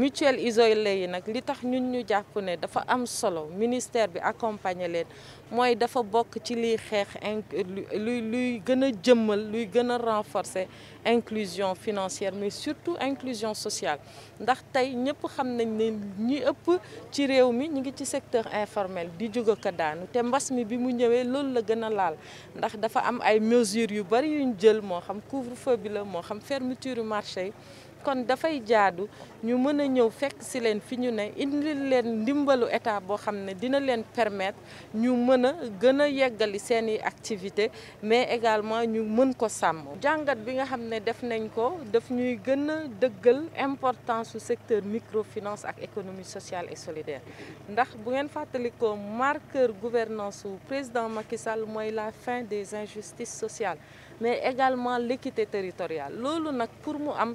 mutuelle isolé yi nak li tax ñun ñu japp ne dafa am solo ministère bi accompagner leen moy dafa bok ci li xex luy luy gëna jëmmal luy gëna renforcer inclusion financière mais surtout inclusion sociale ndax tay ñëpp xam nañ ne ñi ëpp ci réew mi ñi ngi ci secteur informel di jóg ka daanu te mbas mi bi mu ñëwee loolu la gën a laal ndax dafa am ay mesures yu bari yuñ jël moo xam couvre-feu bi la moo xam fermeture marché yi kon dafay jaadu ñu mëna a ñëw fekk ci leen fi ñu ne indil leen ndimbalu état bo xamné ne dina leen permettre ñu mëna gëna yeggali seen activité mais également ñu mën ko sam jàngat bi nga xamné ne def nañ ko daf ñuy gëna a importance du secteur microfinance ak économie sociale et solidaire ndax bu ngeen fàttalikoo marqueur gouvernance su président Macky Sall moy la fin des injustices sociales mais également l'équité territoriale lolu nak pour mu am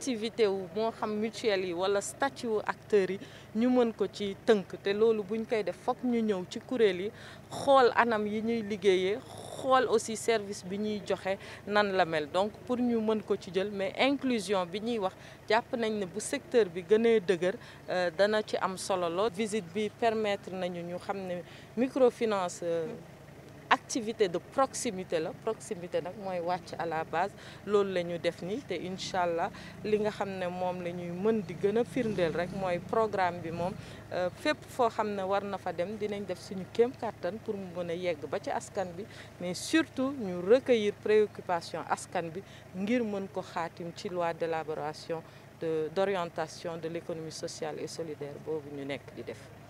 activité ou bon, xam mutuel yi wala statut Nous yi ñu mën te les buñ anam aussi service bi ñuy nan la donc pour ñu mën ko mais inclusion bi ñuy wax secteur bi euh, dana visite bi permettre nañu ñu microfinance euh, activité de proximité la proximité nak moy wacc à la base loolu lañu def ni té incha li nga xamné mom lañuy la mën di gëna firndel rek moy programme bi mom euh, fep fo xamné war na fa dem dinañ def suñu kéem carton pour mu mën yegg ba ci askan bi mais surtout ñu recueillir préoccupation askan bi ngir mën ko xaatim ci loi d'élaboration de d'orientation de l'économie sociale et solidaire boobu ñu nekk di def